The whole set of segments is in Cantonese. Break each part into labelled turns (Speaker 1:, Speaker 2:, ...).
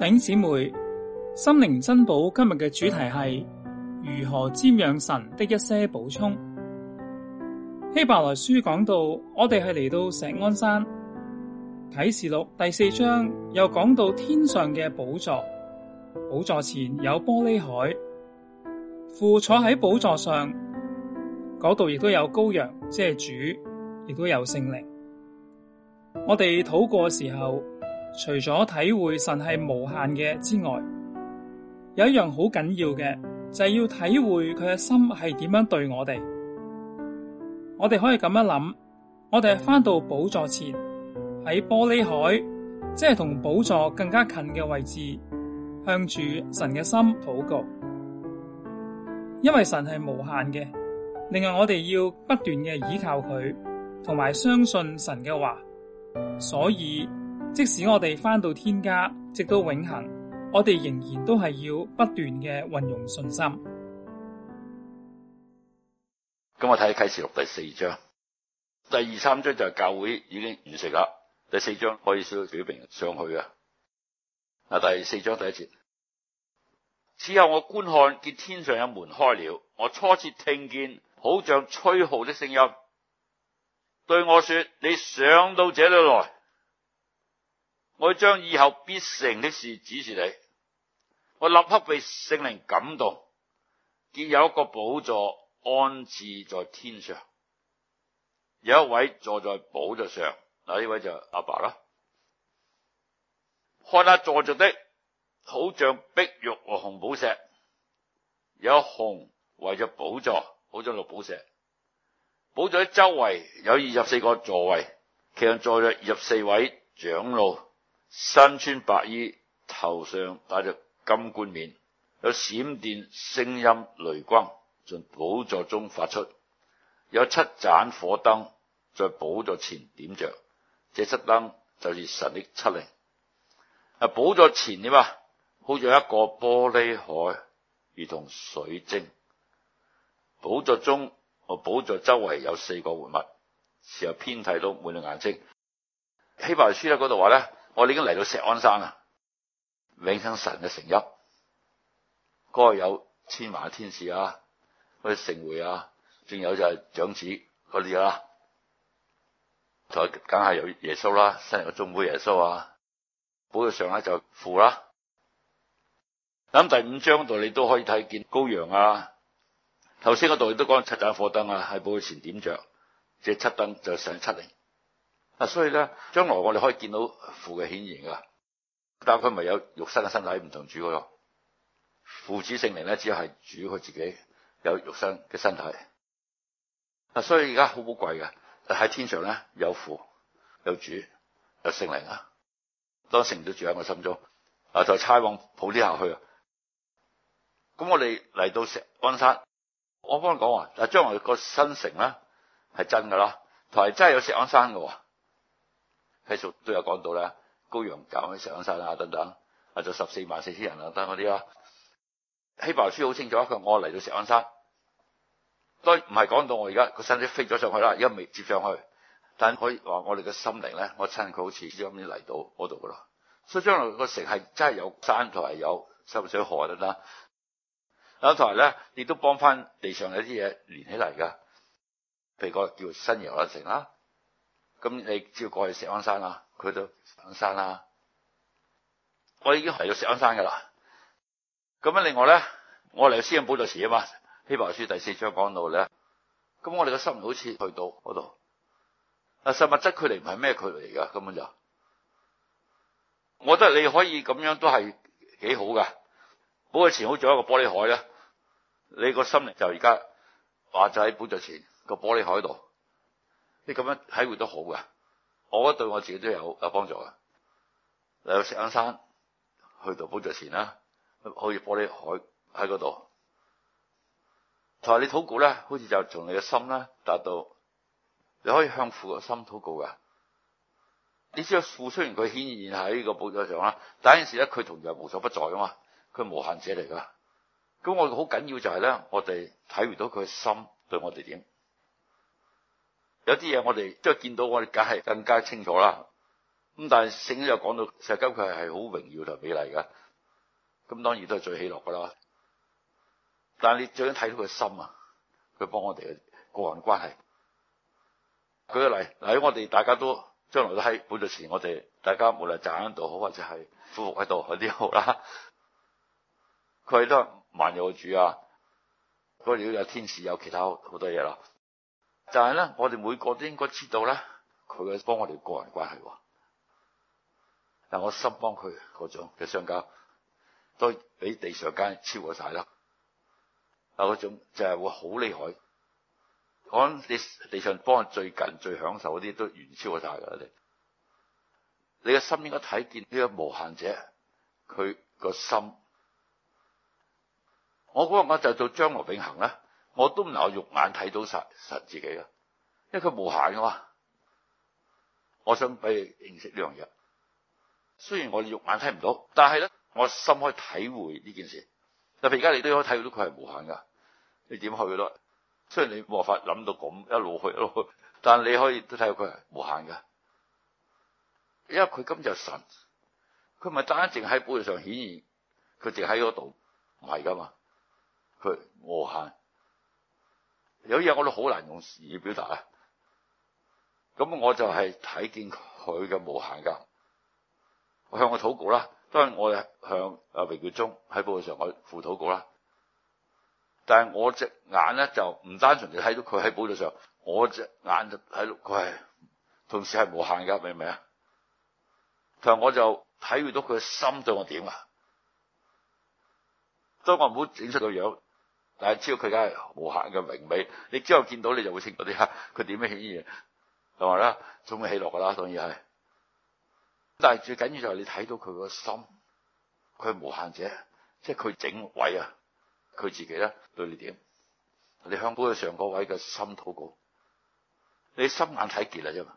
Speaker 1: 頂姊妹，心靈珍寶今日嘅主題係如何瞻仰神的一些補充。希伯來書講到，我哋係嚟到錫安山啟示錄第四章，又講到天上嘅寶座，寶座前有玻璃海，父坐喺寶座上，嗰度亦都有羔羊即係主，亦都有聖靈。我哋禱過嘅時候。除咗體會神係無限嘅之外，有一樣好緊要嘅就係要體會佢嘅心係點樣對我哋。我哋可以咁樣諗，我哋係翻到寶座前，喺玻璃海，即係同寶座更加近嘅位置，向住神嘅心禱告。因為神係無限嘅，另外我哋要不斷嘅倚靠佢，同埋相信神嘅話，所以。即使我哋翻到天家，直到永恆，我哋仍然都係要不斷嘅運用信心。
Speaker 2: 咁我睇啟示錄第四章，第二、三章就係教會已經完成啦。第四章可以小組成員上去啊。嗱，第四章第一節，此後我觀看見天上有門開了，我初次聽見好像吹號的聲音，對我說：你上到這裡來。我將以後必成的事指示你，我立刻被聖靈感動，見有一個寶座安置在天上，有一位坐在寶座上，嗱，呢位就阿爸啦。看那，坐着的好像碧玉和紅寶石，有一虹圍著寶座，好像綠寶石。寶座喺周圍有二十四個座位，其上坐著二十四位長老。身穿白衣，頭上戴着金冠冕，有閃電、聲音雷、雷轟從寶座中發出，有七盞火燈在寶座前點着，這七燈就是神的七靈。啊，寶座前點啊，好似一個玻璃海，如同水晶。寶座中，哦，寶座周圍有四個活物，時候遍體都滿了眼睛。希伯來書喺嗰度話咧。我哋已經嚟到錫安山啊，永生神嘅城邑，嗰個有千萬天使啊，啲聖會啊，仲有就係長子嗰啲啦，梗係有耶穌啦、啊，新日嘅中保耶穌啊，保嘅上下就父啦、啊。咁第五章度你都可以睇見羔羊啊，頭先嗰度都講七盞火燈啊，喺寶座前點着，即係七燈就上七靈。嗱，所以咧，將來我哋可以見到父嘅顯現㗎，但係佢咪有肉身嘅身體唔同主嗰度。父子聖靈咧，只係主佢自己有肉身嘅身體。嗱，所以而家好寶貴㗎。喺天上咧，有父有主有聖靈啊，當聖靈都住喺我心中啊，就差往普呢下去。咁我哋嚟到錫安山，我幫你講話，嗱，將來個新城咧係真㗎啦，同埋真係有錫安山㗎。繼續都有講到啦，羔羊企喺錫安山啊，等等啊，就十四萬四千人啊，得嗰啲啊，希伯來書好清楚，佢我嚟到錫安山，都唔係講到我而家個身體飛咗上去啦，而家未接上去。但係佢話我哋嘅心靈咧，我親佢好似啱啱嚟到嗰度噶啦。所以將來個城係真係有山同埋有深水河啦等等，嗱同埋咧，亦都幫翻地上有啲嘢連起嚟噶，譬如個叫做新耶路撒冷城啦。咁你只要過去錫安山啦，佢都上山啦。我已經嚟到錫安山噶啦。咁啊，另外咧，我嚟到施恩寶座前啊嘛，《希伯來書》第四章講到咧。咁我哋個心好似去到嗰度啊，實物質距離唔係咩距離噶，根本就。我覺得你可以咁樣都係幾好噶。寶座前好似一個玻璃海呢，你個心靈就而家話就喺寶座前，嗰個玻璃海度。你咁樣體會都好㗎，我覺得對我自己都有有幫助㗎。例如石坑山去到寶座前啦，可以玻璃海喺嗰度。同埋你禱告咧，好似就從你嘅心呢達到，你可以向父嘅心禱告噶。你知啊，父雖然佢顯現喺呢個寶座上啦，但係件時陣時咧，佢同樣無所不在啊嘛，佢無限者嚟噶。咁我好緊要就係咧，我哋體會到佢嘅心對我哋點。有啲嘢我哋即係見到我哋，梗係更加清楚啦。咁但係聖主又講到，石金佢係好榮耀同美麗噶。咁當然都係最喜樂噶啦。但係你最緊睇到佢心啊，佢幫我哋個人關係。舉個例，喺我哋大家都將來都喺本作時我，我哋大家無論站喺度，好或者係服喺度，嗰啲好啦。佢都係萬有主啊，佢哋要有天使，有其他好多嘢啦。但係呢，我哋每個都應該知道呢佢嘅幫我哋個人關係喎。我心幫佢嗰種嘅相交，都比地上間超過曬啦。嗰種就係會好厲害，講地地上幫他最近最享受嗰啲都遠超過曬嘅。你，你嘅心應該睇見呢個無限者，佢個心。我講我就係做將來永恆啦。我都唔能夠肉眼睇到神自己㗎，因為佢無限噶嘛。我想俾你認識呢樣嘢。雖然我哋肉眼睇唔到，但係咧，我心可以體會呢件事。特別而家你都可以睇到佢係無限噶。你點去咯？雖然你冇法諗到咁一路去咯，但係你可以都睇到佢係無限噶，因為佢今日就神。佢咪係單淨喺本上顯現，佢淨喺嗰度唔係噶嘛，佢無限。有嘢我都好難用言語表達啊！咁我就係睇見佢嘅無限噶，我向佢禱告啦，當然我係向阿榮耀中喺寶座上我附禱告啦。但係我隻眼咧就唔單純地睇到佢喺寶座上，我隻眼就睇到佢係同時係無限噶，明唔明啊？但我就體會到佢嘅心對我點啊？當我唔好整出個樣。但係知道佢梗係無限嘅榮美，你之後見到你就會清楚啲啦。佢點樣顯現？係咪啦？充滿喜樂噶啦，當然係。但係最緊要就係你睇到佢個心，佢係無限者，即係佢整個位啊，佢自己咧對你點？你向高上嗰位嘅心禱告，你心眼睇見啦，啫嘛。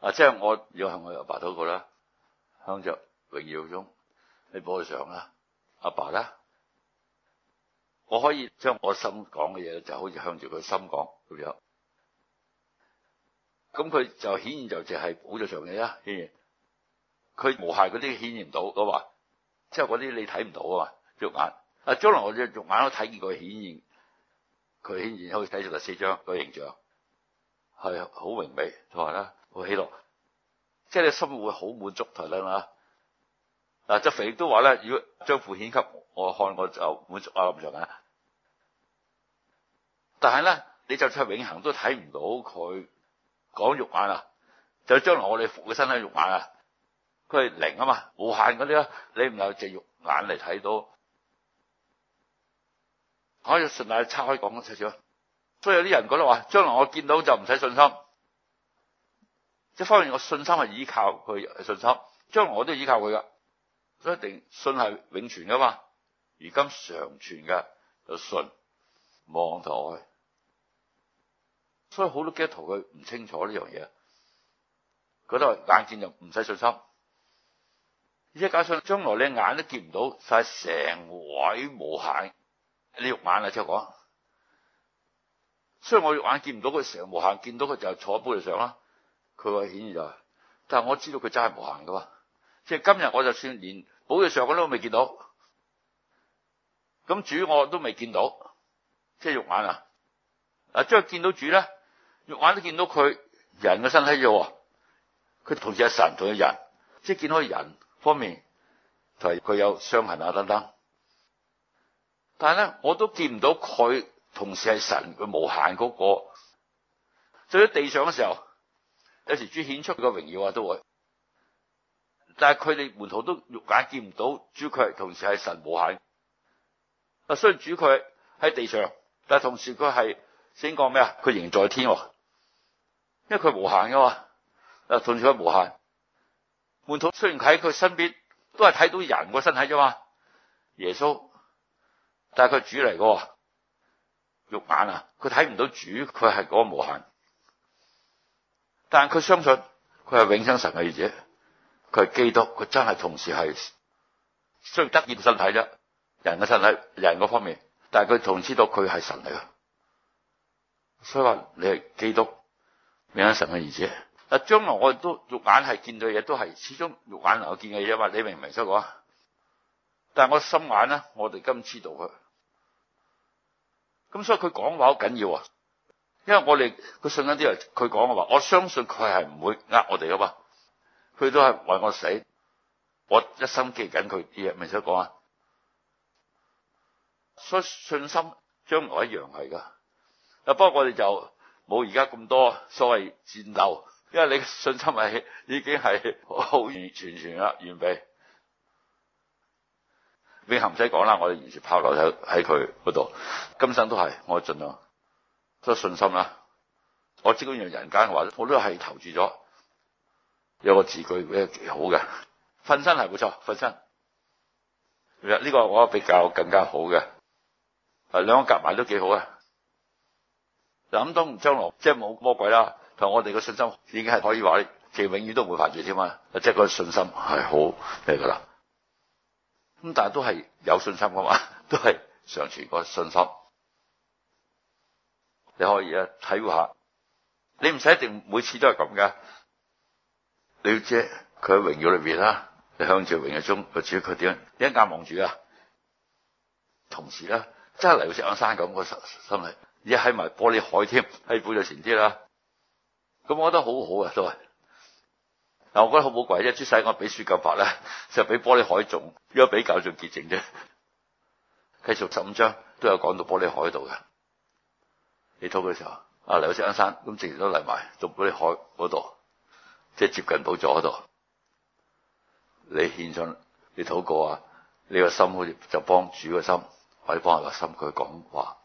Speaker 2: 啊，即係我要向我阿爸禱告啦，向着榮耀中喺寶座上啦，阿爸啦。我可以將我心講嘅嘢，就好似向住佢心講咁樣。咁佢就顯現，就就係補咗場嘢啦。顯現，佢無限嗰啲顯現唔到，我話即係嗰啲你睇唔到啊，肉眼。啊，將來我隻肉眼都睇見過，顯現佢顯現可以睇住第四張個形象，係好榮美，我話啦，好喜樂，即係你心會好滿足，台靚啦。嗱，腓力都話啦。如果將父顯給我看，我就滿足我咁上下。但係咧，你就算永恒都睇唔到佢，講肉眼啊。就將來我哋復活身體肉眼啊，佢係靈啊嘛，無限嗰啲啊，你唔有隻肉眼嚟睇到，可以順帶拆開講一齊，所以有啲人覺得話，將來我見到就唔使信心，即方面，我信心係依靠佢信心，將來我都依靠佢噶，所以定信係永存噶嘛，而今常存嘅就信望愛。所以好多基督徒佢唔清楚呢樣嘢，嗰度眼見就唔使信心，而且加上將來你眼都見唔到晒成位無限，你肉眼啊，即係講。雖然我肉眼見唔到佢成無限，見到佢就坐喺寶座上啦。佢話顯然就係，但係我知道佢真係無限噶嘛，即係今日我就算連寶座上我都未見到，咁主我都未見到，即係肉眼啊。嗱，即係見到主咧。肉眼都見到佢人嘅身體啫，佢同時係神同嘅人，即係見到人方面同埋佢有傷痕啊等等。但係咧，我都見唔到佢同時係神佢無限嗰個。就喺地上嘅時候，有時主顯出佢嘅榮耀啊都會。但係佢哋門徒都肉眼見唔到主佢同時係神無限。啊，雖然主佢喺地上，但係同時佢係先講咩啊？佢仍在天。因為佢無限嘅嘛，啊，同時係無限。門徒雖然喺佢身邊，都係睇到人個身體啫嘛，耶穌，但係佢主嚟嘅喎，肉眼啊，佢睇唔到主，佢係嗰個無限。但係佢相信佢係永生神嘅兒子，佢係基督，佢真係同時係雖然得見身體啫，人嘅身體，人嘅方面，但係佢同知道佢係神嚟嘅，所以話你係基督。明神嘅意思，嗱，將來我哋都肉眼係見到嘢，都係始終肉眼能夠見嘅嘢嘛？你明唔明？即係話，但係我心眼咧，我哋今知道佢。咁所以佢講話好緊要啊，因為我哋佢信緊啲人，佢講嘅話，我相信佢係唔會呃我哋噶嘛。佢都係為我死，我一心記緊佢啲嘢。明唔明？即係講啊，所以信心將來一樣係噶。嗱，不過我哋就。冇而家咁多所謂戰鬥，因為你嘅信心係已經係好完全全啦，完備。永恆唔使講啦，我哋完全拋落喺喺佢嗰度，今生都係，我盡量，都信心啦。我只嗰樣人間嘅話，我都係投注咗。有個字句幾好嘅，瞓身係冇錯，瞓身。其實呢個我比較更加好嘅，誒兩個夾埋都幾好啊。嗱，當唔將來即係冇魔鬼啦，同我哋個信心已經係可以話你永遠都唔會犯罪添嘛，即係個信心係好咩噶啦？咁但係都係有信心噶嘛？都係常存個信心，你可以啊睇下，你唔使一定每次都係咁噶，你要知佢喺榮耀裏邊啦，你向住榮耀中個主，佢點？一眼望住啊，同時咧，即係嚟到石崗山咁個心心理。而家喺埋玻璃海添，喺寶座前啲啦。咁我覺得好好啊，都係。嗱，我覺得好唔好鬼啫？出世我比雪更白啦，就比玻璃海重。如果比較做潔淨啫。繼續十五章都有講到玻璃海度嘅。你禱告時候，啊，劉先生，咁直情都嚟埋到玻璃海嗰度，即係接近寶座嗰度。你獻上，你禱告啊，你個心好似就幫主個心，可以幫下個心。佢講話。